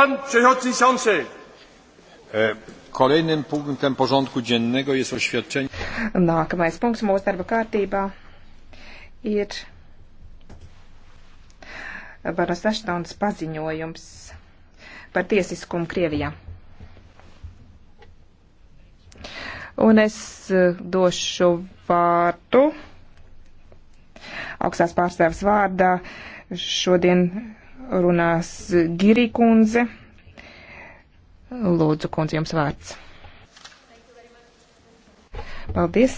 Pan przewodniczący! E, kolejnym punktem porządku dziennego jest oświadczenie. Nākamais punkts mūsu darba kārtībā ir Baras Aštons paziņojums par tiesiskumu Krievijā. Un es e, došu vārdu augstās pārstāvs vārdā šodien runās Girī kundze. Lūdzu, kundze, jums vārds. Paldies,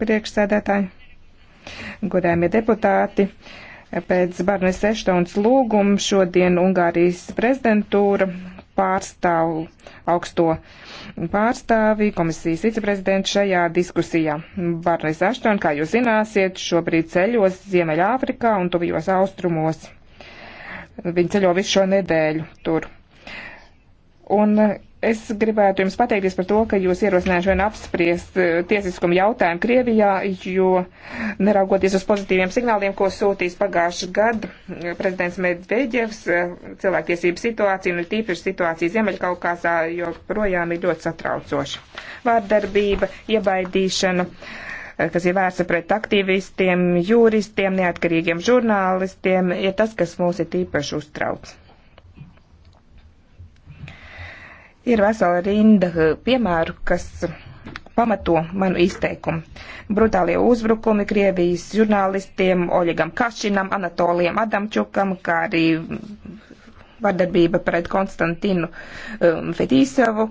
priekšsēdētāji, godējumie deputāti. Pēc Barnes Eštauns lūguma šodien Ungārijas prezidentūra pārstāv augsto pārstāvi, komisijas viceprezidentu šajā diskusijā. Barnes Aštron, kā jūs zināsiet, šobrīd ceļos Ziemeļāfrikā un tuvijos austrumos. Viņi ceļo visu šo nedēļu tur. Un es gribētu jums pateikties par to, ka jūs ierosinājāt šodien apspriest eh, tiesiskumu jautājumu Krievijā, jo neraugoties uz pozitīviem signāliem, ko sūtīs pagājuši gadu eh, prezidents Medveģevs, eh, cilvēktiesību situācija un tīpaši situācija Ziemeļkaukāsā joprojām ir ļoti satraucoša. Vārdarbība, iebaidīšana kas ir vērsta pret aktīvistiem, jūristiem, neatkarīgiem žurnālistiem, ir tas, kas mūs ir tīpaši uztrauc. Ir vesela rinda piemēru, kas pamato manu izteikumu. Brutālie uzbrukumi Krievijas žurnālistiem Oļegam Kašinam, Anatolijam Adamčukam, kā arī vardarbība pret Konstantinu um, Fedīsavu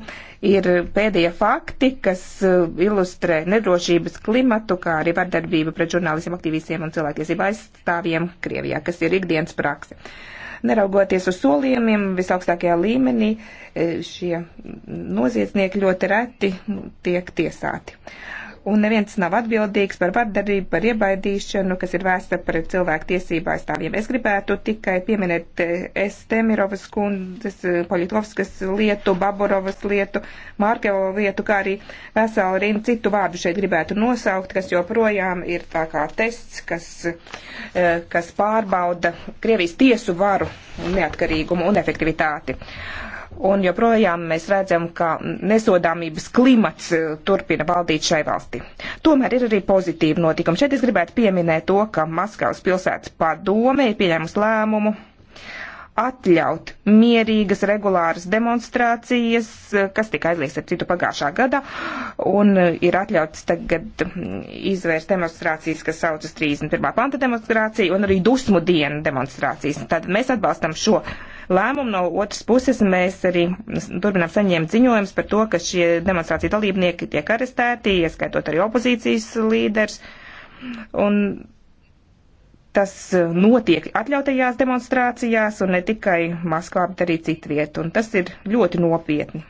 ir pēdējie fakti, kas uh, ilustrē nedrošības klimatu, kā arī vardarbība pret žurnālistiem, aktīvistiem un cilvēktiesību aizstāvjiem Krievijā, kas ir ikdienas prakse. Neraugoties uz solījumiem visaugstākajā līmenī, uh, šie noziedznieki ļoti reti tiek tiesāti. Uh, un neviens nav atbildīgs par vardarbību, par iebaidīšanu, kas ir vēsta par cilvēku tiesību aizstāvjiem. Es gribētu tikai pieminēt eh, Estemirovas kundzes, eh, Politkovskas lietu, Baburovas lietu, Mārkevo lietu, kā arī veselu rindu citu vārdu šeit gribētu nosaukt, kas joprojām ir tā kā tests, kas, eh, kas pārbauda Krievijas tiesu varu neatkarīgumu un efektivitāti un joprojām mēs redzam, ka nesodāmības klimats eh, turpina valdīt šai valstī. Tomēr ir arī pozitīvi notikumi. Šeit es gribētu pieminēt to, ka Maskavas pilsētas padome ir pieņēmusi lēmumu atļaut mierīgas, regulāras demonstrācijas, eh, kas tika aizliegts ar citu pagājušā gada, un eh, ir atļauts tagad hm, izvērst demonstrācijas, kas saucas 31. panta demonstrācija, un arī dusmu dienu demonstrācijas. Tad mēs atbalstam šo lēmumu. No otras puses mēs arī hm, turpinām saņemt ziņojumus par to, ka šie demonstrāciju dalībnieki tiek arestēti, ieskaitot arī opozīcijas līderus. Un tas eh, notiek atļautajās demonstrācijās un ne tikai Maskvā, bet arī citviet, un tas ir ļoti nopietni.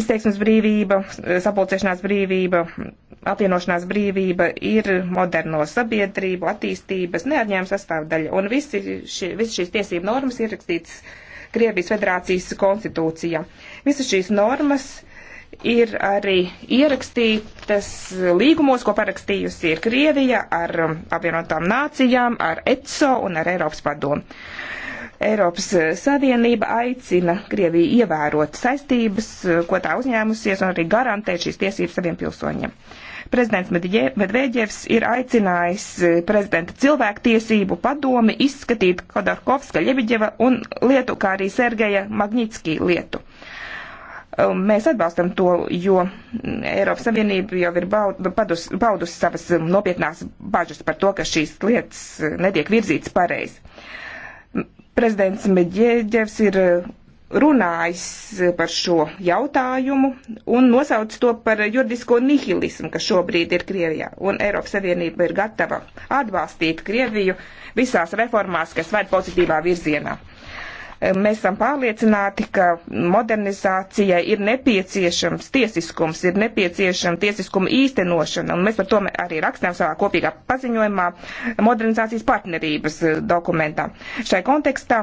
Izteiksmes brīvība, eh, sapulcēšanās brīvība, apvienošanās brīvība ir moderno sabiedrību attīstības neatņēma sastāvdaļa, un visi, ši, visi šīs tiesību normas ierakstītas Krievijas federācijas konstitūcijā. Visas šīs normas uh, ir arī ierakstītas līgumos, ko parakstījusi ir Krievija ar um, apvienotām nācijām, ar ECO un ar Eiropas padomu. Eiropas uh, Savienība aicina Krieviju ievērot saistības, uh, ko tā uzņēmusies, un arī garantēt šīs tiesības saviem pilsoņiem. Prezidents Medvedjevs ir aicinājis uh, prezidenta cilvēktiesību padomi izskatīt Khodorkovska, Ļebiģeva un lietu, kā arī Sergeja Magnitski lietu. Uh, Um, mēs atbalstam to, jo Eiropas Savienība jau ir baudus, baudusi savas um, nopietnās bažas par to, ka šīs lietas uh, netiek virzītas pareizi. Prezidents Meģēģevs ir uh, runājis uh, par šo jautājumu un nosauc to par juridisko nihilismu, kas šobrīd ir Krievijā. Un Eiropas Savienība ir gatava atbalstīt Krieviju visās reformās, kas vērt pozitīvā virzienā. Mēs esam pārliecināti, ka modernizācijai ir nepieciešams tiesiskums, ir nepieciešama tiesiskuma īstenošana, un mēs par to arī rakstām savā kopīgā paziņojumā modernizācijas partnerības eh, dokumentā. Šai kontekstā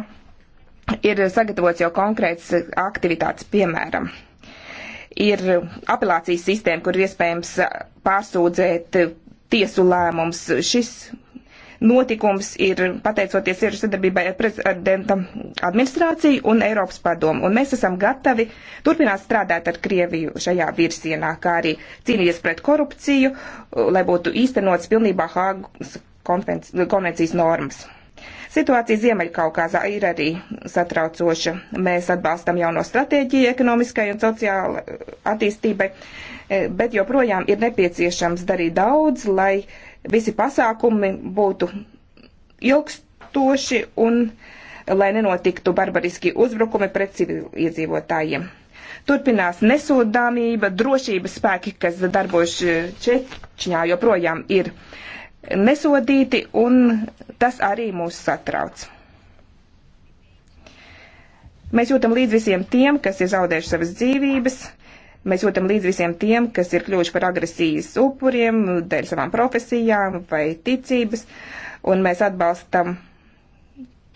ir sagatavots jau konkrēts aktivitātes piemēram ir apelācijas sistēma, kur iespējams eh, pārsūdzēt tiesu lēmums. Šis notikums ir pateicoties cieši sadarbībai ar prezidenta administrāciju un Eiropas padomu. Un mēs esam gatavi turpināt strādāt ar Krieviju šajā virsienā, kā arī cīnīties pret korupciju, lai būtu īstenots pilnībā Hāgas konvencijas normas. Situācija Ziemeļkaukāzā ir arī satraucoša. Mēs atbalstam jauno stratēģiju ekonomiskai un sociālai eh, attīstībai, eh, bet joprojām ir nepieciešams darīt daudz, lai visi pasākumi būtu ilgstoši un lai nenotiktu barbariski uzbrukumi pret civiliedzīvotājiem. Turpinās nesodāmība, drošības spēki, kas darbojuši Čečņā, joprojām ir nesodīti, un tas arī mūs satrauc. Mēs jūtam līdz visiem tiem, kas ir zaudējuši savas dzīvības, Mēs jūtam līdz visiem tiem, kas ir kļuvuši par agresijas upuriem dēļ savām profesijām vai ticības, un mēs atbalstam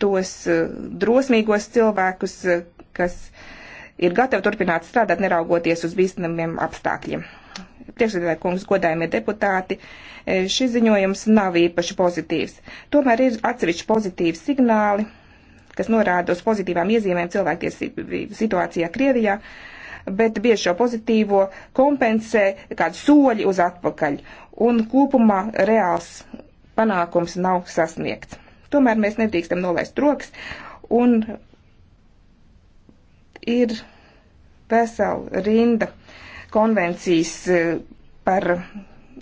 tos eh, drosmīgos cilvēkus, eh, kas ir gatavi turpināt strādāt, neraugoties uz bīstamiem apstākļiem. Priekšsēdētāji kungs, godājumie deputāti, eh, šis ziņojums nav īpaši pozitīvs. Tomēr ir atsevišķi pozitīvi signāli, kas norāda uz pozitīvām iezīmēm cilvēktiesību situācijā Krievijā. Uh, bet bieži šo pozitīvo kompensē kādi soļi uz atpakaļ, un kopumā reāls panākums nav sasniegts. Tomēr mēs nedrīkstam nolaist rokas, un ir vesela rinda konvencijas eh, par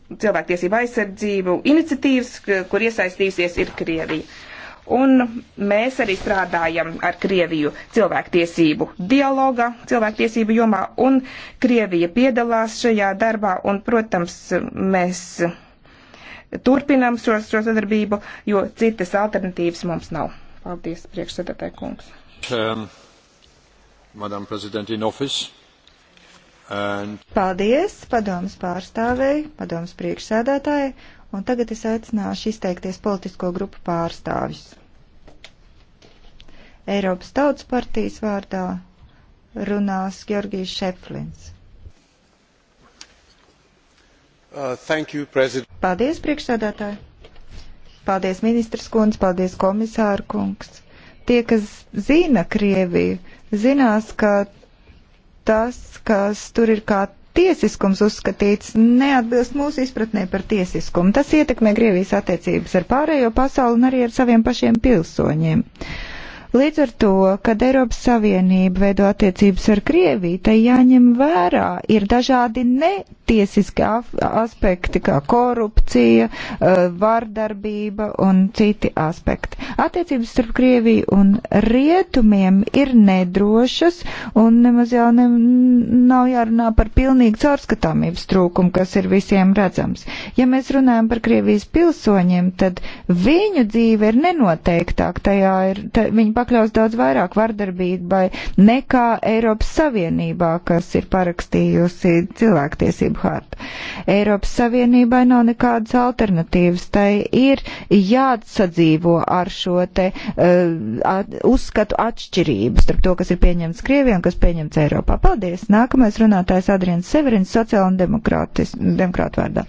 cilvēktiesību aizsardzību iniciatīvas, kur iesaistījusies ir Krievija. Un mēs arī strādājam ar Krieviju cilvēktiesību dialoga, cilvēktiesību jomā, un Krievija piedalās šajā darbā, un, protams, mēs turpinam šo, šo sadarbību, jo citas alternatīvas mums nav. Paldies, priekšsēdētāji kungs. Um, Madam President in office. And... Paldies, padomas pārstāvēji, padomas priekšsēdētāji Un tagad es aicināšu izteikties politisko grupu pārstāvis. Eiropas Tautas partijas vārdā runās Georgijs Šeflins. Uh, you, president. paldies, priekšsēdētāji! Paldies, ministrs kundze, paldies, komisāra kungs! Tie, kas zina Krieviju, zinās, ka tas, kas tur ir kā tiesiskums uzskatīts neatbilst mūsu izpratnē par tiesiskumu. Tas ietekmē Krievijas attiecības ar pārējo pasauli un arī ar saviem pašiem pilsoņiem. Uh, Līdz ar to, kad Eiropas Savienība veido attiecības ar Krieviju, tai jāņem vērā ir dažādi netiesiski aspekti, kā korupcija, eh, vardarbība un citi aspekti. Attiecības starp Krieviju un Rietumiem ir nedrošas un nemaz jau ne, nav jārunā par pilnīgu caurskatāmības trūkumu, kas ir visiem redzams. Ja mēs runājam par Krievijas pilsoņiem, tad viņu dzīve ir nenoteiktāka. Tajā ir, tā, viņi pakļaus daudz vairāk vardarbībai nekā Eiropas Savienībā, kas ir parakstījusi cilvēktiesību hartu. Eiropas Savienībai nav nekādas alternatīvas. Tai ir jāsadzīvo ar šo te uh, at, uzskatu atšķirību starp to, kas ir pieņemts Krievijā un kas pieņemts Eiropā. Paldies! Nākamais runātājs Adrians Severins, sociāla un demokrāta vārdā.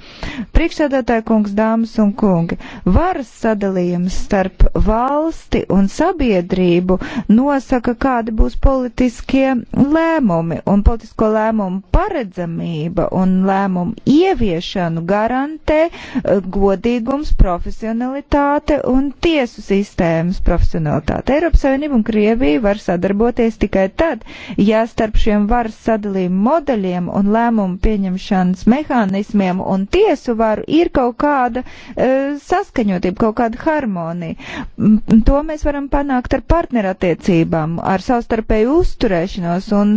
Priekšsēdētāji kungs, dāmas un kungi, varas sadalījums starp valsti un sabiedrību Savienību nosaka, kādi būs politiskie lēmumi, un politisko lēmumu paredzamība un lēmumu ieviešanu garantē eh, godīgums, profesionalitāte un tiesu sistēmas profesionalitāte. Eiropas Savienība un Krievija var sadarboties tikai tad, ja starp šiem varas sadalījuma modeļiem un lēmumu pieņemšanas mehānismiem un tiesu varu ir kaut kāda e, saskaņotība, kaut kāda harmonija. To mēs varam panākt ar partnerattiecībām, ar savstarpēju uzturēšanos un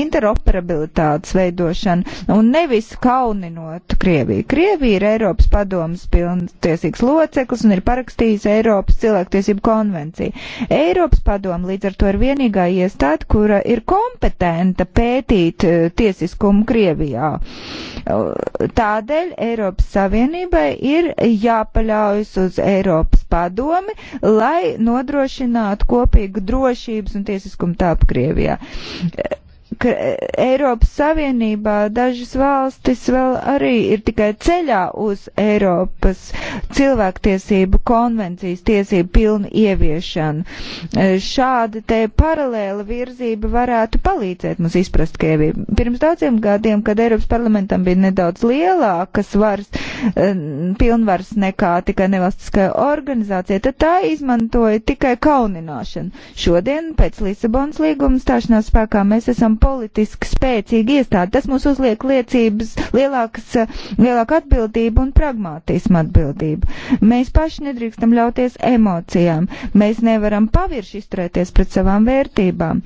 interoperabilitātes veidošanu un nevis kauninot Krieviju. Krievija ir Eiropas padomas pilntiesīgs loceklis un ir parakstījis Eiropas cilvēktiesību konvenciju. Eiropas padoma līdz ar to ir vienīgā iestāde, kura ir kompetenta pētīt e, tiesiskumu Krievijā. Tādēļ Eiropas Savienībai ir jāpaļaujas uz Eiropas padomi, lai nodrošinātu veicināt kopīgu drošības un tiesiskumu tāpu Krievijā ka Eiropas Savienībā dažas valstis vēl arī ir tikai ceļā uz Eiropas cilvēktiesību konvencijas tiesību pilnu ieviešanu. Šāda te paralēla virzība varētu palīdzēt mums izprast Krieviju. Pirms daudziem gadiem, kad Eiropas parlamentam bija nedaudz lielākas varas, eh, pilnvaras nekā tikai nevalstiskajā organizācijā, tad tā izmantoja tikai kaunināšanu. Šodien pēc Lisabonas līguma stāšanās spēkā mēs esam politiski spēcīga iestāde. Tas mums uzliek liecības, lielākas, eh, lielāku atbildību un pragmātismu atbildību. Mēs paši nedrīkstam ļauties emocijām. Mēs nevaram pavirši izturēties pret savām vērtībām.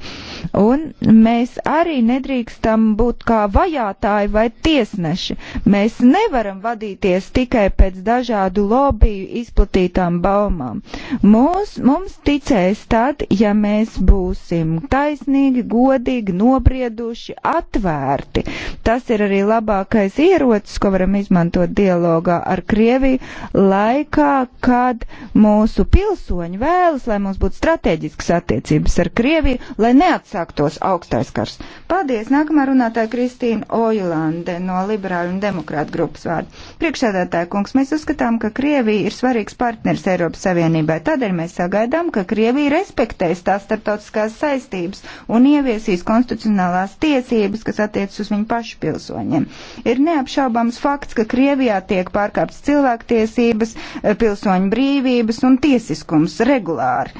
Un mēs arī nedrīkstam būt kā vajātāji vai tiesneši. Mēs nevaram vadīties tikai pēc dažādu lobiju izplatītām baumām. Mūs, mums ticēs tad, ja mēs būsim taisnīgi, godīgi, nobrīdīgi apsprieduši atvērti. Tas ir arī labākais ierocis, ko varam izmantot dialogā ar Krieviju laikā, kad mūsu pilsoņi vēlas, lai mums būtu strateģiskas attiecības ar Krieviju, lai neatsāktos augstais kars. Paldies! Nākamā runātāja Kristīna Ojlande no Liberāļu un Demokrātu grupas vārdu. Priekšsēdētāja kungs, mēs uzskatām, ka Krievija ir svarīgs partners Eiropas Savienībai. Tādēļ mēs sagaidām, ka Krievija respektēs tās starptautiskās saistības un ieviesīs konstitucionālu konstitucionālās tiesības, kas attiecas uz viņu pašu pilsoņiem. Ir neapšaubams fakts, ka Krievijā tiek pārkāptas cilvēktiesības, eh, pilsoņu brīvības un tiesiskums regulāri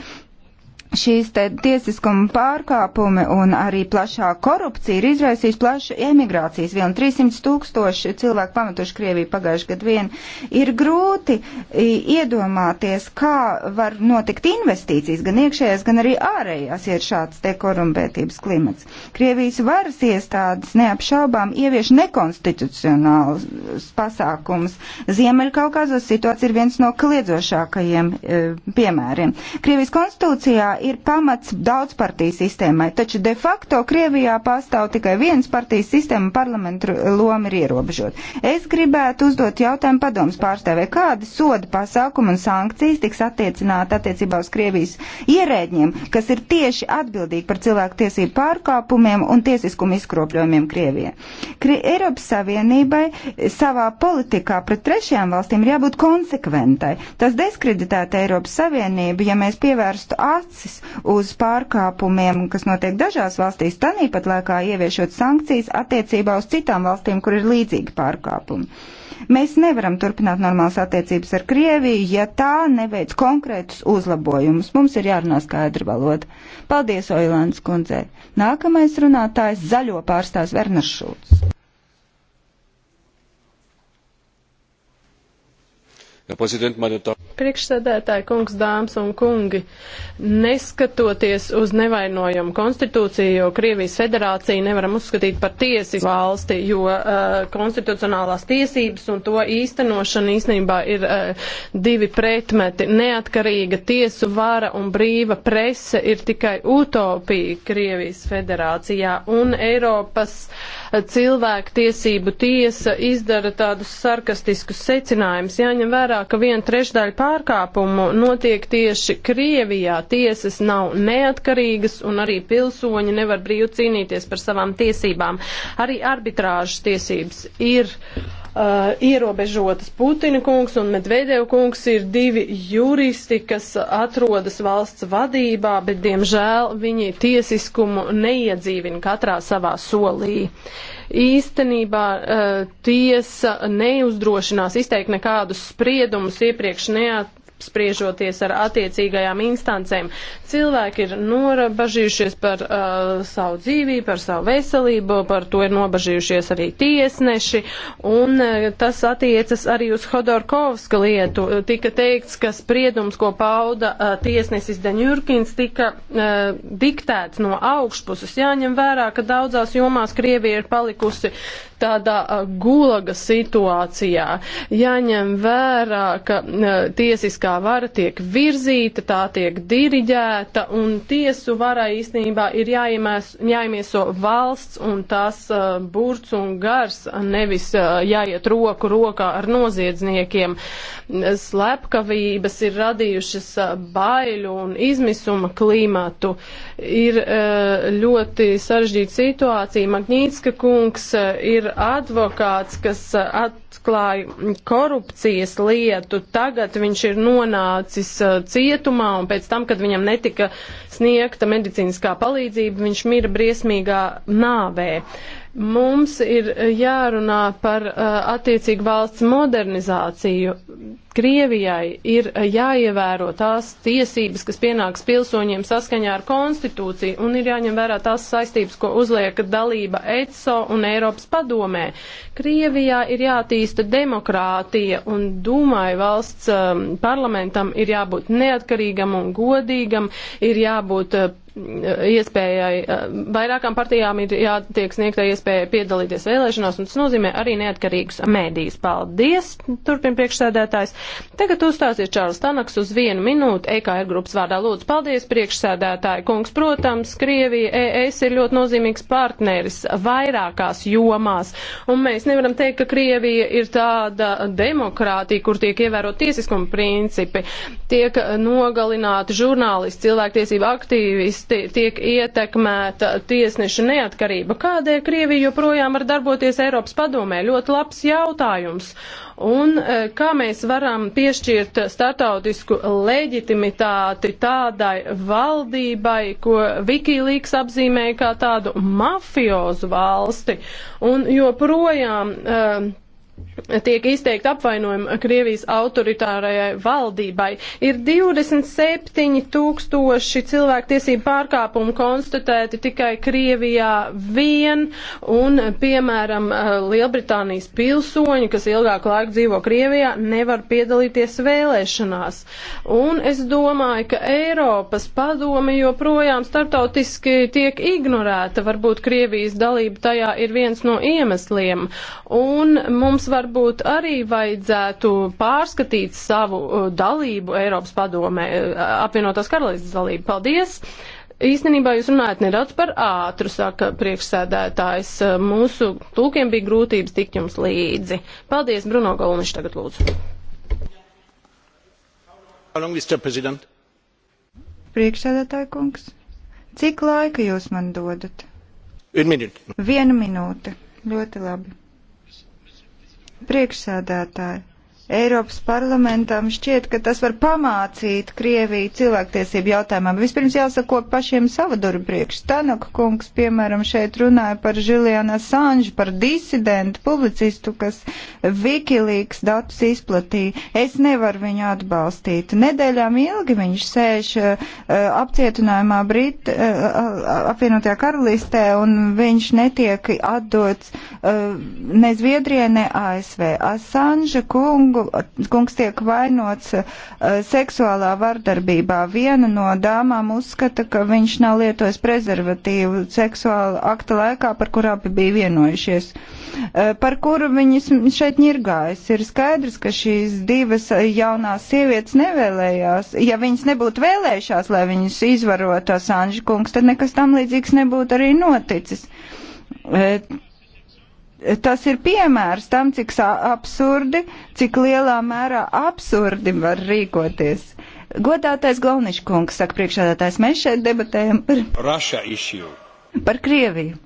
šīs te tiesiskuma pārkāpumi un arī plašā korupcija ir izraisījis plašu emigrācijas vilni. 300 tūkstoši cilvēku pametuši Krieviju pagājuši gadu vien. Ir grūti iedomāties, kā var notikt investīcijas gan iekšējās, gan arī ārējās, ja ir šāds te korumpētības klimats. Krievijas varas iestādes neapšaubām ievieš nekonstitucionālus pasākumus. Ziemeļkaukazos situācija ir viens no kliedzošākajiem e, piemēriem. Krievijas konstitūcijā ir pamats daudzpartiju sistēmai, taču de facto Krievijā pastāv tikai viens partijas sistēma un parlamentu loma ir ierobežot. Es gribētu uzdot jautājumu padomus pārstāvē, kādi soda pasākumi un sankcijas tiks attiecināti attiecībā uz Krievijas ierēģiem, kas ir tieši atbildīgi par cilvēku tiesību pārkāpumiem un tiesiskumu izkropļojumiem Krievijā. Kri Eiropas Savienībai savā politikā pret trešajām valstīm ir jābūt konsekventai. Tas diskreditētu Eiropas Savienību, ja mēs pievērstu acis acis uz pārkāpumiem, kas notiek dažās valstīs, tanīpat laikā ieviešot sankcijas attiecībā uz citām valstīm, kur ir līdzīgi pārkāpumi. Mēs nevaram turpināt normālas attiecības ar Krieviju, ja tā neveic konkrētus uzlabojumus. Mums ir jārunā skaidra valoda. Paldies, Oilāns kundzei. Nākamais runātājs zaļo pārstāvs Verners Šulcs. Herr Präsident, meine Damen und Herren! Priekšsēdētāji, kungs, dāmas un kungi, neskatoties uz nevainojumu konstitūciju, jo Krievijas federāciju nevaram uzskatīt par tiesisku valsti, jo uh, konstitucionālās tiesības un to īstenošana īstenībā ir uh, divi pretmeti. Neatkarīga tiesu vara un brīva prese ir tikai utopija Krievijas federācijā, un Eiropas uh, cilvēku tiesību tiesa izdara tādus sarkastiskus secinājumus. Jāņem vērā, ka viena trešdaļa pārējā pārkāpumu notiek tieši Krievijā. Tiesas nav neatkarīgas un arī pilsoņi nevar brīvi cīnīties par savām tiesībām. Arī arbitrāžas tiesības ir uh, ierobežotas. Putina kungs un Medvedev kungs ir divi juristi, kas atrodas valsts vadībā, bet diemžēl viņi tiesiskumu neiedzīvina katrā savā solī. Uh, īstenībā eh, tiesa neuzdrošinās izteikt nekādus spriedumus iepriekš neat spriežoties ar attiecīgajām instancēm. Cilvēki ir norabažījušies par uh, savu dzīvību, par savu veselību, par to ir nobažījušies arī tiesneši, un uh, tas attiecas arī uz Hodorkovska lietu. Uh, tika teikts, ka spriedums, ko pauda uh, tiesnesis Daņurkins, tika uh, diktēts no augšpuses. Jāņem vērā, ka daudzās jomās Krievija ir palikusi tādā uh, gulaga situācijā. Jāņem vērā, ka uh, tiesiskā politiskā vara tiek virzīta, tā tiek diriģēta, un tiesu varai īstenībā ir jāiemēs, jāiemieso valsts un tās uh, burts un gars, uh, nevis uh, jāiet roku rokā ar noziedzniekiem. Slepkavības ir radījušas uh, baiļu un izmisuma klimatu. Ir uh, ļoti sarežģīta situācija. Magnītska kungs uh, ir advokāts, kas at atklāja korupcijas lietu, tagad viņš ir nonācis uh, cietumā un pēc tam, kad viņam netika sniegta medicīniskā palīdzība, viņš mira briesmīgā nāvē. Mums ir uh, jārunā par uh, attiecīgu valsts modernizāciju Krievijai ir jāievēro tās tiesības, kas pienāks pilsoņiem saskaņā ar konstitūciju, un ir jāņem vērā tās saistības, ko uzliek dalība ECO un Eiropas padomē. Krievijā ir jātīsta demokrātija, un Dūmai valsts um, parlamentam ir jābūt neatkarīgam un godīgam, ir jābūt uh, iespējai, uh, vairākām partijām ir jātiek sniegta iespēja piedalīties vēlēšanās, un tas nozīmē arī neatkarīgus mēdījus. Paldies, turpin priekšsēdētājs. Tagad uzstāsies Čārls Tanaks uz vienu minūti EKR grupas vārdā. Lūdzu, paldies priekšsēdētāji kungs. Protams, Krievija ES ir ļoti nozīmīgs partneris vairākās jomās. Un mēs nevaram teikt, ka Krievija ir tāda demokrātija, kur tiek ievērot tiesiskuma principi. Tiek nogalināti žurnālisti, cilvēktiesība aktīvisti, tiek ietekmēta tiesneša neatkarība. Kādēļ Krievija joprojām var darboties Eiropas padomē? Ļoti labs jautājums. Un e, kā mēs varam nevaram piešķirt startautisku leģitimitāti tādai valdībai, ko Wikileaks apzīmēja kā tādu mafiozu valsti. Un joprojām uh, tiek izteikti apvainojumi Krievijas autoritārajai valdībai. Ir 27 tūkstoši cilvēktiesību pārkāpumu konstatēti tikai Krievijā vien, un, piemēram, eh, Lielbritānijas pilsoņi, kas ilgāku laiku dzīvo Krievijā, nevar piedalīties vēlēšanās. Un es domāju, ka Eiropas padome joprojām startautiski tiek ignorēta. Varbūt Krievijas dalība tajā ir viens no iemesliem. Un mums varbūt arī vajadzētu pārskatīt savu uh, dalību Eiropas padomē, uh, apvienotās karalīstas dalību. Paldies! Īstenībā jūs runājat nedaudz par ātru, saka priekšsēdētājs. Uh, mūsu tūkiem bija grūtības tikt jums līdzi. Paldies, Bruno Galniš, tagad lūdzu. Priekšsēdētāja kungs, cik laika jūs man dodat? Vienu minūti. Ļoti labi. Priekšsēdētāji, Eiropas parlamentam šķiet, ka tas var pamācīt Krieviju cilvēktiesību jautājumā. Vispirms jāsako pašiem sava durvju priekš. Tanaka kungs, piemēram, šeit runāja par Žilianu Sanžu, par disidentu publicistu, kas Wikileaks datus izplatīja. Es nevaru viņu atbalstīt. Nedēļām ilgi viņš sēž uh, apcietinājumā Brit, uh, apvienotajā karalistē un viņš netiek atdots uh, ne Zviedrijai, ne ASV. Asanža kungu kungu, kungs tiek vainots uh, seksuālā vardarbībā. Viena no dāmām uzskata, ka viņš nav lietojis prezervatīvu seksuāla akta laikā, par kurā bija vienojušies. Uh, par kuru viņas šeit ņirgājas. Ir skaidrs, ka šīs divas jaunās sievietes nevēlējās. Ja viņas nebūtu vēlējušās, lai viņas izvarotu Asanžu kungs, tad nekas tam līdzīgs nebūtu arī noticis. Uh, tas ir piemērs tam, cik absurdi, cik lielā mērā absurdi var rīkoties. Godātais Galniškungs, saka priekšādātājs, mēs šeit debatējam par, Russia issue. par Krieviju.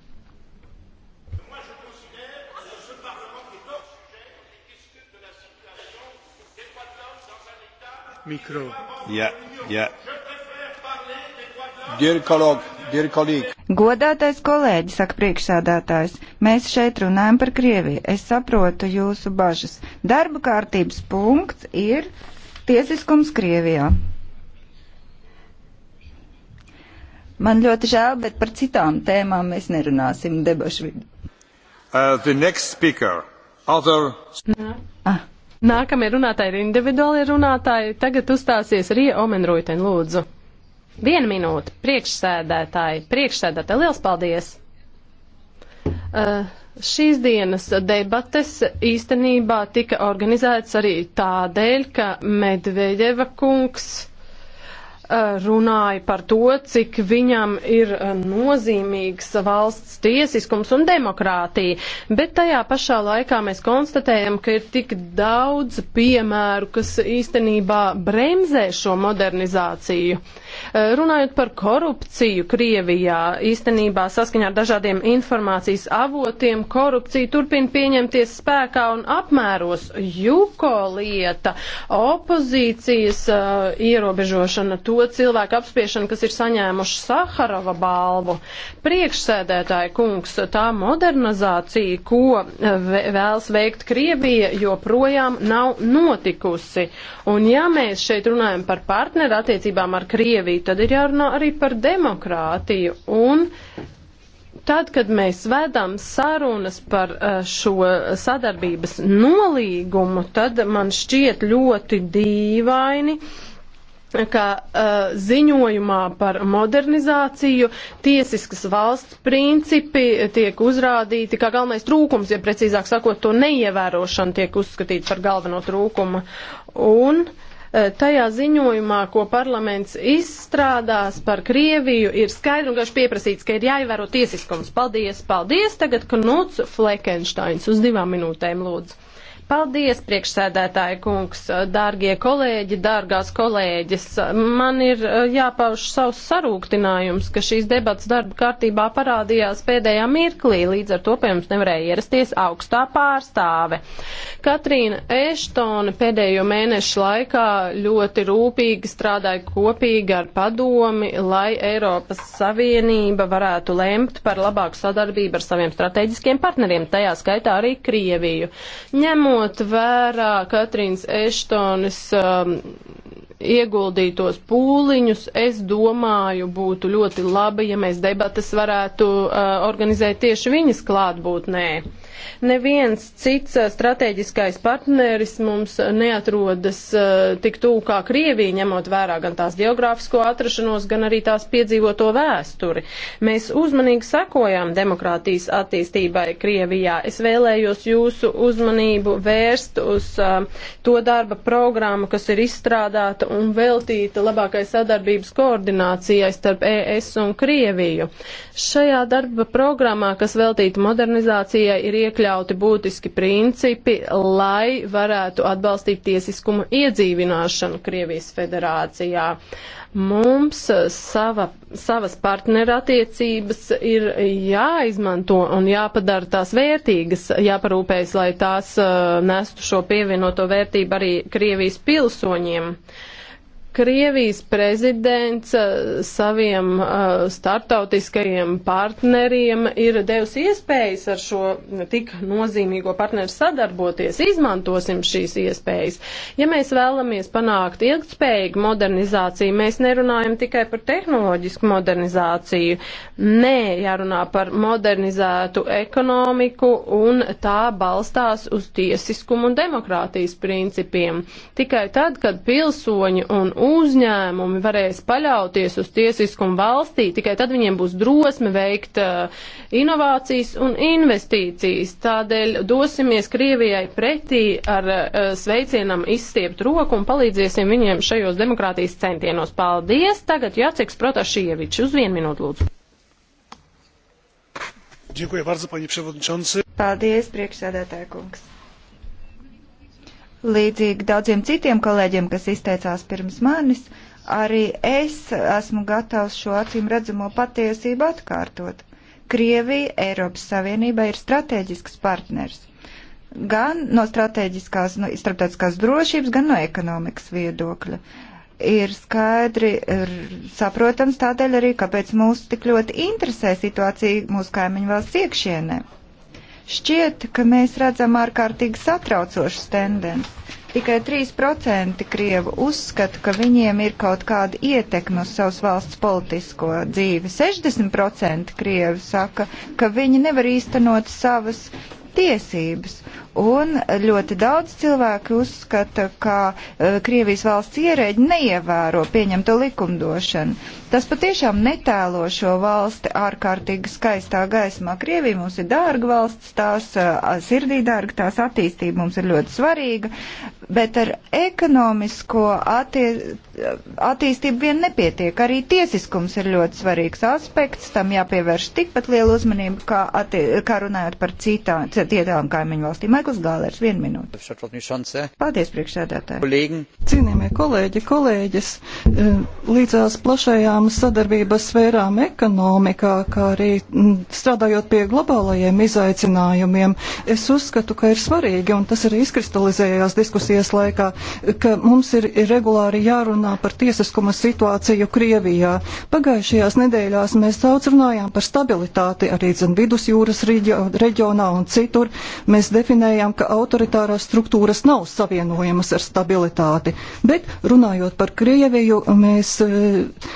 Mikro. Jā, yeah, jā. Yeah. Dear colleague, Godātais kolēģi, saka priekšsādātājs, mēs šeit runājam par Krieviju. Es saprotu jūsu bažas. Darba kārtības punkts ir tiesiskums Krievijā. Man ļoti žēl, bet par citām tēmām mēs nerunāsim debašu vidū. Uh, Other... Nā. ah. Nākamie runātāji ir individuālie runātāji. Tagad uzstāsies Rija Omenroiten, lūdzu. Vienu minūti, priekšsēdētāji, priekšsēdētāji, liels paldies! Uh, šīs dienas debates īstenībā tika organizētas arī tādēļ, ka Medvedeva kungs uh, runāja par to, cik viņam ir uh, nozīmīgs valsts tiesiskums un demokrātija, bet tajā pašā laikā mēs konstatējam, ka ir tik daudz piemēru, kas īstenībā bremzē šo modernizāciju. Uh, Eh, runājot par korupciju Krievijā, īstenībā saskaņā ar dažādiem informācijas avotiem, korupcija turpina pieņemties spēkā un apmēros. Juko lieta, opozīcijas uh, ierobežošana, to cilvēku apspiešana, kas ir saņēmuši Saharova balvu. Priekšsēdētāja kungs, tā modernizācija, ko eh, vēlas veikt Krievija, joprojām nav notikusi. Un ja mēs šeit runājam par partneru attiecībām ar Krieviju, Krieviju, tad ir jārunā arī par demokrātiju un Tad, kad mēs vedam sarunas par uh, šo sadarbības nolīgumu, tad man šķiet ļoti dīvaini, ka uh, ziņojumā par modernizāciju tiesiskas valsts principi tiek uzrādīti kā galvenais trūkums, ja precīzāk sakot, to neievērošana tiek uzskatīta par galveno trūkumu. Un uh, Eh, tajā ziņojumā, ko parlaments izstrādās par Krieviju, ir skaidri un gaši pieprasīts, ka ir jāievēro tiesiskums. Paldies, paldies. Tagad Knuts Flekenštains uz divām minūtēm lūdzu. Paldies, priekšsēdētāja kungs, dārgie kolēģi, dārgās kolēģis. Man ir eh, jāpauž savs sarūktinājums, ka šīs debats darba kārtībā parādījās pēdējā mirklī, līdz ar to pie mums nevarēja ierasties augstā pārstāve. Katrīna Eštone pēdējo mēnešu laikā ļoti rūpīgi strādāja kopīgi ar padomi, lai Eiropas Savienība varētu lemt par labāku sadarbību ar saviem strateģiskiem partneriem, tajā skaitā arī Krieviju. Ņemot ņemot vērā Katrīnas Eštonas um, ieguldītos pūliņus, es domāju, būtu ļoti labi, ja mēs debatas varētu uh, organizēt tieši viņas klātbūtnē. Neviens cits strateģiskais partneris mums neatrodas tik tūl kā Krievija, ņemot vērā gan tās geogrāfisko atrašanos, gan arī tās piedzīvoto vēsturi. Mēs uzmanīgi sekojām demokrātijas attīstībai Krievijā. Es vēlējos jūsu uzmanību vērst uz to darba programmu, kas ir izstrādāta un veltīta labākai sadarbības koordinācijai starp ES un Krieviju. Šajā darba programmā, kas veltīta modernizācijai, ir iekļauti būtiski principi, lai varētu atbalstīt tiesiskumu iedzīvināšanu Krievijas federācijā. Mums sava, savas partnerattiecības ir jāizmanto un jāpadara tās vērtīgas, jāparūpējas, lai tās uh, nestu šo pievienoto vērtību arī Krievijas pilsoņiem. Uh, Krievijas prezidents eh, saviem eh, startautiskajiem partneriem ir devis iespējas ar šo tik nozīmīgo partneru sadarboties. Izmantosim šīs iespējas. Ja mēs vēlamies panākt ilgspējīgu modernizāciju, mēs nerunājam tikai par tehnoloģisku modernizāciju. Nē, jārunā par modernizētu ekonomiku un tā balstās uz tiesiskumu un demokrātijas principiem. Tikai tad, kad pilsoņi un uzņēmumi varēs paļauties uz tiesiskumu valstī, tikai tad viņiem būs drosme veikt uh, inovācijas un investīcijas. Tādēļ dosimies Krievijai pretī ar uh, sveicienam izstiept roku un palīdziesim viņiem šajos demokrātijas centienos. Paldies! Tagad Jaceks Protašievičs uz vienu minūtu lūdzu. Dziękuję bardzo, panie przewodniczący. Paldies, priekšsēdētāja kungs. Līdzīgi daudziem citiem kolēģiem, kas izteicās pirms manis, arī es esmu gatavs šo acīm redzamo patiesību atkārtot. Krievija Eiropas Savienībā ir strateģisks partners gan no strateģiskās, no starptautiskās drošības, gan no ekonomikas viedokļa. Ir skaidri, ir saprotams tādēļ arī, kāpēc mūs tik ļoti interesē situācija mūsu kaimiņu valsts iekšienē. Šķiet, ka mēs redzam ārkārtīgi satraucošas tendences. Tikai 3% Krievu uzskata, ka viņiem ir kaut kāda ietekme uz savas valsts politisko dzīvi. 60% Krievu saka, ka viņi nevar īstenot savas tiesības. Un ļoti daudz cilvēku uzskata, ka eh, Krievijas valsts ierēģi neievēro pieņemto likumdošanu. Tas patiešām netēlo šo valsti ārkārtīgi skaistā gaismā. Krievija mums ir dārga valsts, tās sirdī dārga, tās attīstība mums ir ļoti svarīga, bet ar ekonomisko attie, attīstību vien nepietiek. Arī tiesiskums ir ļoti svarīgs aspekts, tam jāpievērš tikpat lielu uzmanību, kā, attie, kā runājot par citā, citām kaimiņu valstīm. Maikls Gālērs, vienu minūti. Paldies, priekšsēdētāji. Cienījamie kolēģi, kolēģis, līdzās plašajām uzņēmumu sadarbības sfērām ekonomikā, kā arī mm, strādājot pie globālajiem izaicinājumiem, es uzskatu, ka ir svarīgi, un tas arī izkristalizējās diskusijas laikā, ka mums ir regulāri jārunā par tiesiskuma situāciju Krievijā. Pagājušajās nedēļās mēs daudz runājām par stabilitāti arī zin vidusjūras reģionā un citur. Mēs definējām, ka autoritārās struktūras nav savienojamas ar stabilitāti, bet runājot par Krieviju, mēs eh,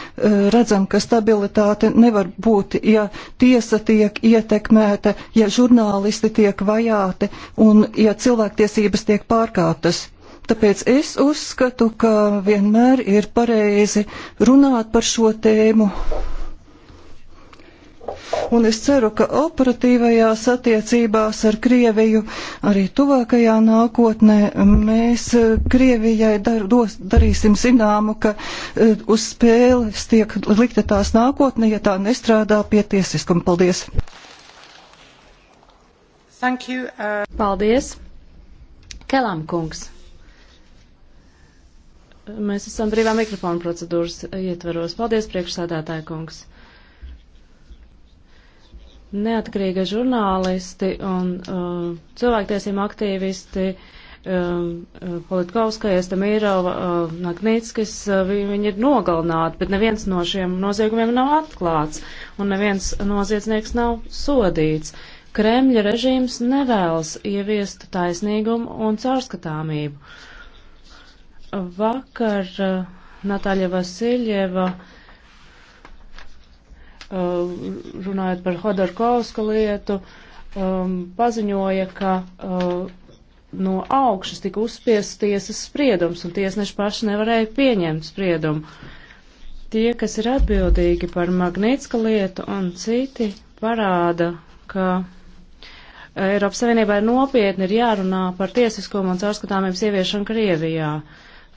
redzam, ka stabilitāte nevar būt, ja tiesa tiek ietekmēta, ja žurnālisti tiek vajāti un ja cilvēktiesības tiek pārkāptas. Tāpēc es uzskatu, ka vienmēr ir pareizi runāt par šo tēmu un es ceru, ka operatīvajās attiecībās ar Krieviju arī tuvākajā nākotnē mēs eh, Krievijai dar, dos, darīsim zināmu, ka eh, uz spēles tiek likta tās nākotne, ja tā nestrādā pie tiesiskuma. Paldies! Thank you, uh... Paldies! Kelam kungs! Mēs esam brīvā mikrofona procedūras ietvaros. Paldies, priekšsādātāja kungs! neatkarīga žurnālisti un uh, cilvēktiesību aktīvisti, um, uh, Politkovskajas, Tamīrova, uh, Naknīckis, uh, viņi ir nogalināti, bet neviens no šiem noziegumiem nav atklāts un neviens noziedznieks nav sodīts. Kremļa režīms nevēlas ieviest taisnīgumu un caurskatāmību. Vakar uh, Natāļa Vasiljeva uh, Uh, runājot par Hodorkovska lietu, um, paziņoja, ka uh, no augšas tika uzspiests tiesas spriedums, un tiesneši paši nevarēja pieņemt spriedumu. Tie, kas ir atbildīgi par Magnitska lietu un citi, parāda, ka Eiropas Savienībā ir nopietni ir jārunā par tiesiskumu un caurskatāmības ieviešanu Krievijā.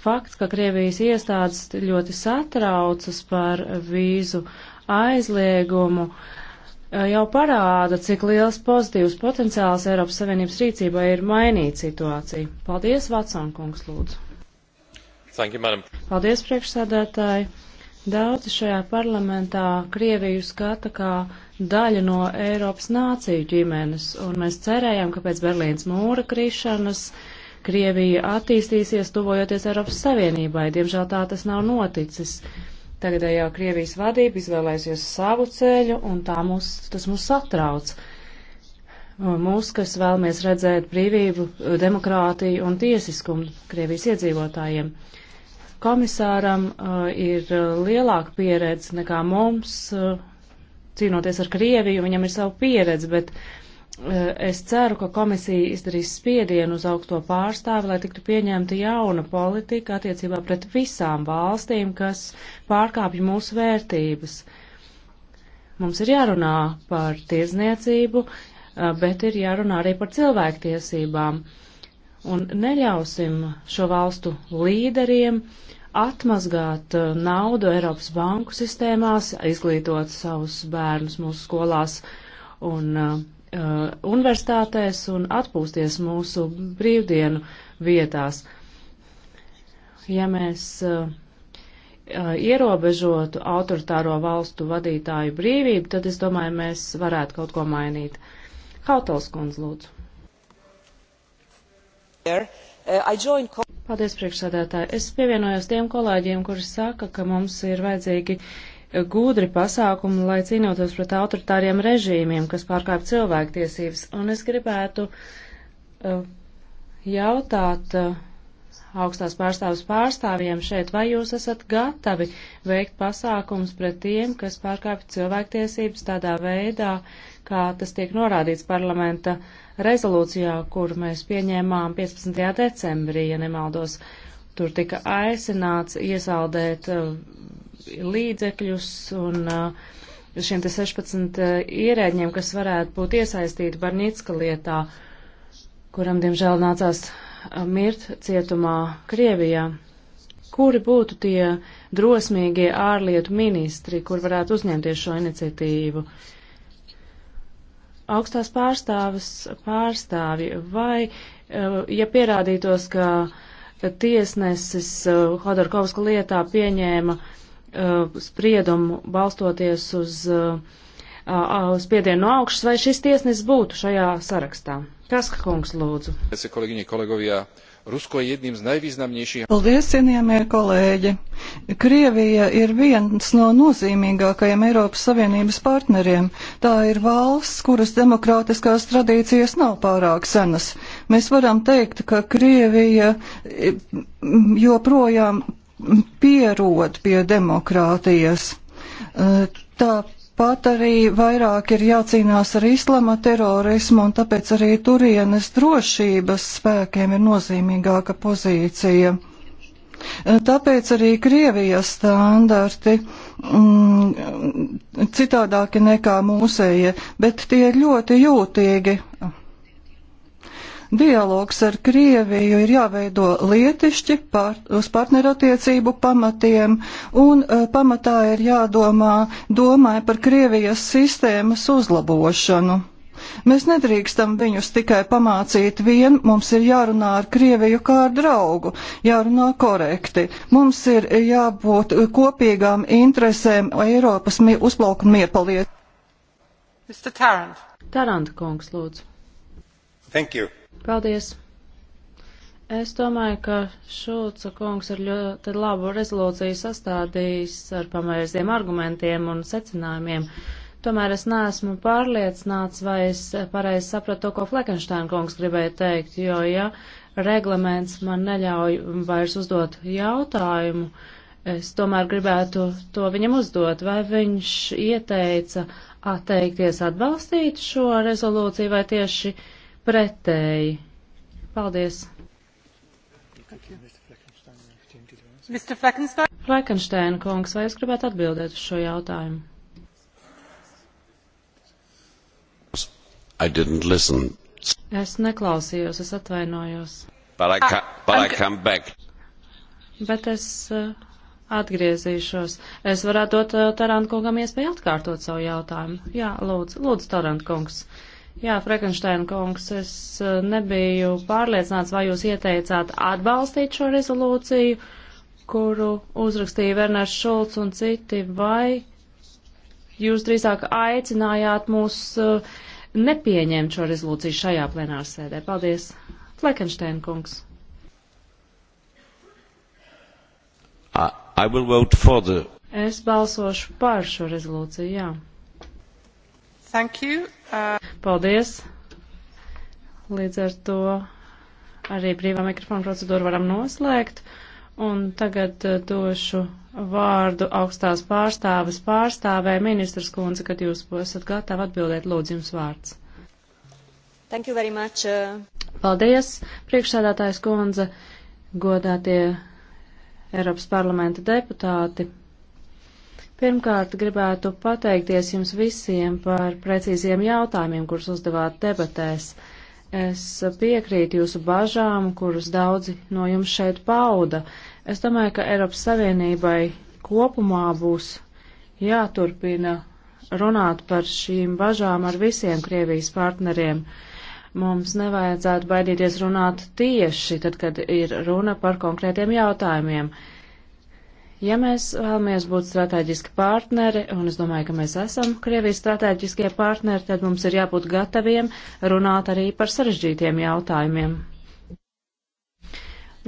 Fakts, ka Krievijas iestādes ļoti satraucas par vīzu aizliegumu eh, jau parāda, cik liels pozitīvs potenciāls Eiropas Savienības rīcībā ir mainīt situāciju. Paldies, Vatsonkungs, lūdzu. Thank you, madam. Paldies, priekšsādātāji. Daudzi šajā parlamentā Krieviju skata kā daļu no Eiropas nāciju ģimenes, un mēs cerējām, ka pēc Berlīnas mūra krišanas Krievija attīstīsies, tuvojoties Eiropas Savienībai. Diemžēl tā tas nav noticis. Tagadējā Krievijas vadība izvēlēsies savu ceļu, un tā mūs, tas mūs satrauc. Mūs, kas vēlamies redzēt brīvību, demokrātiju un tiesiskumu Krievijas iedzīvotājiem. Komisāram uh, ir uh, lielāka pieredze nekā mums, uh, cīnoties ar Krieviju, viņam ir savu pieredzi, bet Eh, es ceru, ka komisija izdarīs spiedienu uz augsto pārstāvi, lai tiktu pieņemta jauna politika attiecībā pret visām valstīm, kas pārkāpj mūsu vērtības. Mums ir jārunā par tiesniecību, eh, bet ir jārunā arī par cilvēktiesībām. Un neļausim šo valstu līderiem atmazgāt eh, naudu Eiropas banku sistēmās, izglītot savus bērnus mūsu skolās un uh, Uh, universitātēs un atpūsties mūsu brīvdienu vietās. Ja mēs uh, uh, ierobežotu autoritāro valstu vadītāju brīvību, tad es domāju, mēs varētu kaut ko mainīt. Hautals kundz, lūdzu. Paldies, priekšsēdētāji. Es pievienojos tiem kolēģiem, kuri saka, ka mums ir vajadzīgi uh, gudri pasākumi, lai cīnotos pret autoritāriem režīmiem, kas pārkāp cilvēktiesības. Un es gribētu uh, jautāt uh, augstās pārstāvs pārstāvjiem šeit, vai jūs esat gatavi veikt pasākums pret tiem, kas pārkāp cilvēktiesības tādā veidā, kā tas tiek norādīts parlamenta rezolūcijā, kur mēs pieņēmām 15. decembrī, ja nemaldos. Tur tika aicināts iesaldēt uh, līdzekļus un uh, šiem te 16 uh, ierēģiem, kas varētu būt iesaistīti Barnīcka lietā, kuram, diemžēl, nācās uh, mirt cietumā Krievijā. Kuri būtu tie drosmīgie ārlietu ministri, kur varētu uzņemties šo iniciatīvu? Augstās pārstāvis pārstāvi vai, uh, ja pierādītos, ka tiesnesis uh, Hodorkovska lietā pieņēma uh, Uh, spriedumu balstoties uh, uz spiedienu no augšas, vai šis tiesnesis būtu šajā sarakstā. Kaska kungs, lūdzu. Rusko jedným z najvýznamnejších. Paldies, cienījamie kolēģi! Krievija ir viens no nozīmīgākajiem Eiropas Savienības partneriem. Tā ir valsts, kuras demokrātiskās tradīcijas nav pārāk senas. Mēs varam teikt, ka Krievija joprojām pierod pie demokrātijas. Tāpat arī vairāk ir jācīnās ar islama terorismu, un tāpēc arī turienes drošības spēkiem ir nozīmīgāka pozīcija. Tāpēc arī Krievijas standarti mm, citādāki nekā mūsējie, bet tie ir ļoti jūtīgi Dialogs ar Krieviju ir jāveido lietišķi par, uz partnerattiecību pamatiem, un uh, pamatā ir jādomā domāja par Krievijas sistēmas uzlabošanu. Mēs nedrīkstam viņus tikai pamācīt vien, mums ir jārunā ar Krieviju kā ar draugu, jārunā korekti. Mums ir jābūt kopīgām interesēm Eiropas uzplaukuma miepaliet. Tarant. Tarant kungs, lūdzu. Thank you. Paldies! Es domāju, ka Šulca kungs ir ļoti labu rezolūciju sastādījis ar pamērziem argumentiem un secinājumiem. Tomēr es neesmu pārliecināts, vai es pareizi sapratu to, ko Flekenštāna kungs gribēja teikt, jo, ja reglaments man neļauj vairs uzdot jautājumu, es tomēr gribētu to viņam uzdot, vai viņš ieteica atteikties atbalstīt šo rezolūciju vai tieši uh, pretēji. Paldies! Fleckensteina kungs, vai jūs gribētu atbildēt uz šo jautājumu? Es neklausījos, es atvainojos. But I ah, ca- but I come back. Bet es uh, atgriezīšos. Es varētu dot uh, Tarantkungam iespēju atkārtot savu jautājumu. Jā, lūdzu, lūdzu, Tarantkungs. kungs. Jā, Frekenšteina kungs, es eh, nebiju pārliecināts, vai jūs ieteicāt atbalstīt šo rezolūciju, kuru uzrakstīja Werners Šulcs un citi, vai jūs drīzāk aicinājāt mūs eh, nepieņemt šo rezolūciju šajā plenārsēdē. Paldies, Frekenšteina kungs. I, I will vote for the... Es balsošu par šo rezolūciju, jā. Thank you. Paldies! Līdz ar to arī brīvā mikrofona procedūru varam noslēgt. Un tagad eh, došu vārdu augstās pārstāves pārstāvē ministrs kundze, kad jūs esat gatavi atbildēt, lūdzu jums vārds. Thank you very much. Uh, Paldies, priekšsēdātājs kundze, godātie Eiropas parlamenta deputāti. Pirmkārt, gribētu pateikties jums visiem par precīziem jautājumiem, kurus uzdevāt debatēs. Es piekrītu jūsu bažām, kuras daudzi no jums šeit pauda. Es domāju, ka Eiropas Savienībai kopumā būs jāturpina runāt par šīm bažām ar visiem Krievijas partneriem. Mums nevajadzētu baidīties runāt tieši tad, kad ir runa par konkrētiem jautājumiem. Uh, Ja mēs vēlamies būt strateģiski partneri, un es domāju, ka mēs esam Krievijas strateģiskie partneri, tad mums ir jābūt gataviem runāt arī par sarežģītiem jautājumiem.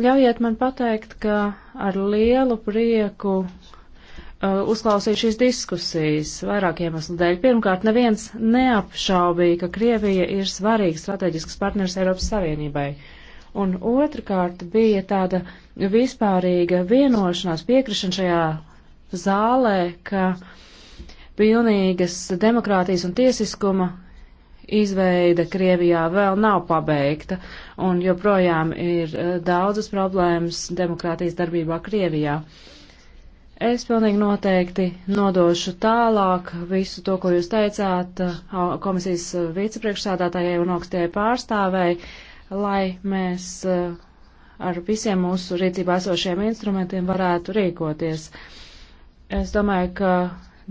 Ļaujiet man pateikt, ka ar lielu prieku uh, uzklausīju šīs diskusijas vairāk iemeslu dēļ. Pirmkārt, neviens neapšaubīja, ka Krievija ir svarīgs strateģisks partners Eiropas Savienībai. Un otrkārt bija tāda vispārīga vienošanās piekrišana šajā zālē, ka pilnīgas demokrātijas un tiesiskuma izveida Krievijā vēl nav pabeigta, un joprojām ir eh, daudzas problēmas demokrātijas darbībā Krievijā. Es pilnīgi noteikti nodošu tālāk visu to, ko jūs teicāt eh, komisijas eh, vicepriekšsādātājai un augstajai pārstāvēji, lai mēs ar visiem mūsu rīcībā esošiem instrumentiem varētu rīkoties. Es domāju, ka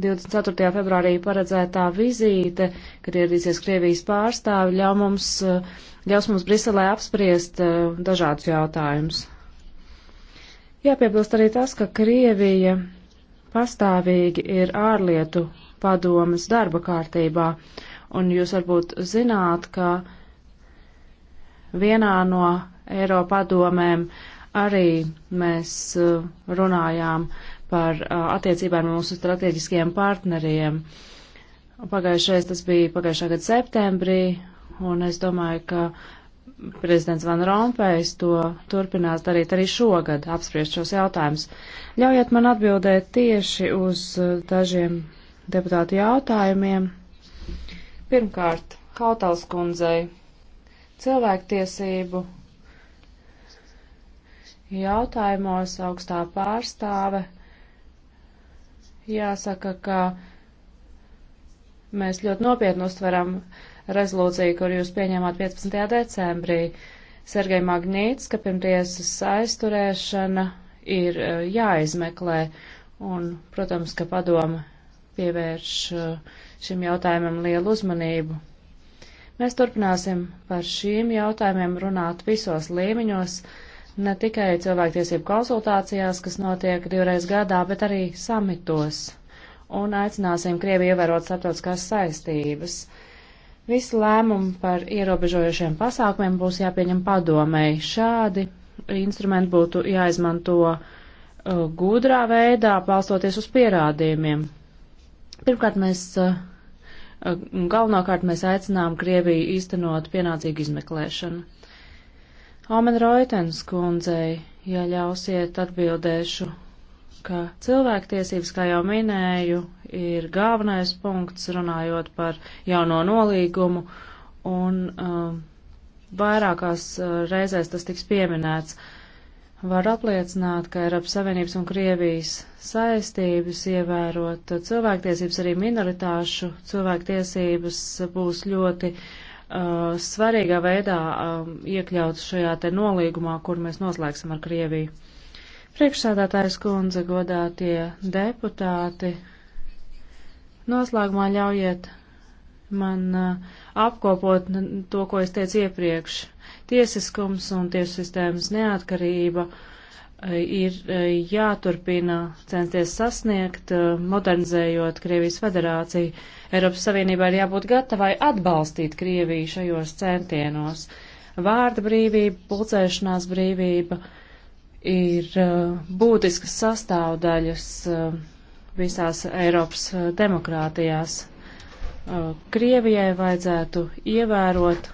24. februārī paredzētā vizīte, kad ieradīsies Krievijas pārstāvi, ļau mums, ļaus mums Briselē apspriest eh, dažādus jautājumus. Jāpiebilst arī tas, ka Krievija pastāvīgi ir ārlietu padomas darba kārtībā, un jūs varbūt zināt, ka vienā no Eiropadomēm arī mēs eh, runājām par eh, attiecībām ar mūsu strateģiskajiem partneriem. Pagājušais tas bija pagājušā gada septembrī, un es domāju, ka prezidents Van Rompējs to turpinās darīt arī šogad, apspriest šos jautājumus. Ļaujiet man atbildēt tieši uz eh, dažiem deputātu jautājumiem. Pirmkārt, Hautals kundzei cilvēktiesību jautājumos augstā pārstāve. Jāsaka, ka mēs ļoti nopietni uztveram rezolūciju, kur jūs pieņēmāt 15. decembrī. Sergei Magnīts, ka pirmtiesas aizturēšana ir eh, jāizmeklē, un, protams, ka padoma pievērš eh, šim jautājumam lielu uzmanību. Mēs turpināsim par šīm jautājumiem runāt visos līmeņos, uh, ne tikai cilvēktiesību konsultācijās, kas notiek divreiz gadā, bet arī samitos. Un aicināsim Krieviju ievērot starptautiskās saistības. Visi lēmumi par ierobežojošiem pasākumiem būs jāpieņem padomēji. Šādi instrumenti būtu jāizmanto uh, gudrā veidā, balstoties uz pierādījumiem. Pirmkārt, mēs, uh, uh galvenokārt mēs aicinām Krieviju īstenot pienācīgu izmeklēšanu. Omen Roitens kundzei, ja ļausiet atbildēšu, ka cilvēktiesības, kā jau minēju, ir galvenais punkts runājot par jauno nolīgumu un uh, vairākās uh, reizēs tas tiks pieminēts. Var apliecināt, ka Eiropas Savienības un Krievijas saistības ievērot cilvēktiesības, arī minoritāšu cilvēktiesības būs ļoti uh, uh, svarīgā veidā uh, um, iekļauts šajā te nolīgumā, kur mēs noslēgsim ar Krieviju. Priekšsādātājs kundze godā tie deputāti. Noslēgumā ļaujiet man uh, apkopot to, ko es teicu iepriekš. Tiesiskums un tiesu sistēmas neatkarība. Uh, ir e, jāturpina censties sasniegt, e, modernizējot Krievijas federāciju. Eiropas Savienībā ir jābūt gatavai atbalstīt Krieviju šajos centienos. Vārda brīvība, pulcēšanās brīvība ir e, būtiskas sastāvdaļas visās Eiropas demokrātijās. Krievijai vajadzētu ievērot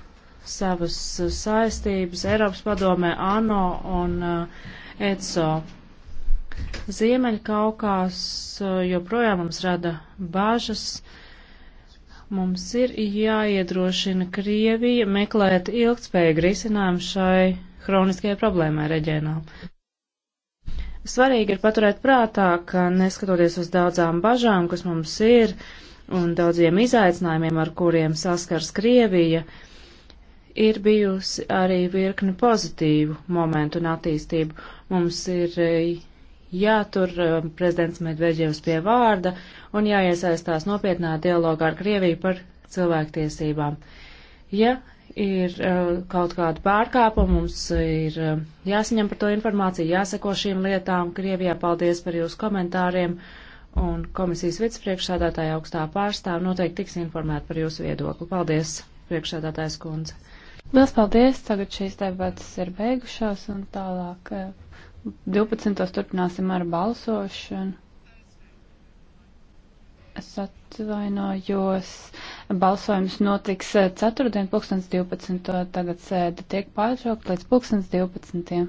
savas saistības Eiropas padomē ANO un uh, ECO. Ziemeļkaukās uh, joprojām mums rada bažas. Mums ir jāiedrošina Krievija meklēt ilgspējīgu risinājumu šai hroniskajai problēmai reģionā. Svarīgi ir paturēt prātā, ka neskatoties uz daudzām bažām, kas mums ir, un daudziem izaicinājumiem, ar kuriem saskars Krievija, uh, ir bijusi arī virkni pozitīvu momentu un attīstību. Mums ir eh, jātur eh, prezidents Medveģevs pie vārda un jāiesaistās nopietnā dialogā ar Krieviju par cilvēktiesībām. Ja ir eh, kaut kāda pārkāpuma, mums ir jāsaņem par to informāciju, jāseko šīm lietām. Krievijā paldies par jūsu komentāriem un komisijas vicepriekšsādātāja augstā pārstāva noteikti tiks informēta par jūsu viedokli. Paldies, priekšsādātājs kundze. Liels paldies! Tagad šīs debatas ir beigušās un tālāk 12. Eh, turpināsim ar balsošanu. Es atvainojos, balsojums notiks eh, ceturtdien, pulkstens 12. Tagad sēde tiek pārtraukt līdz pulkstens 12.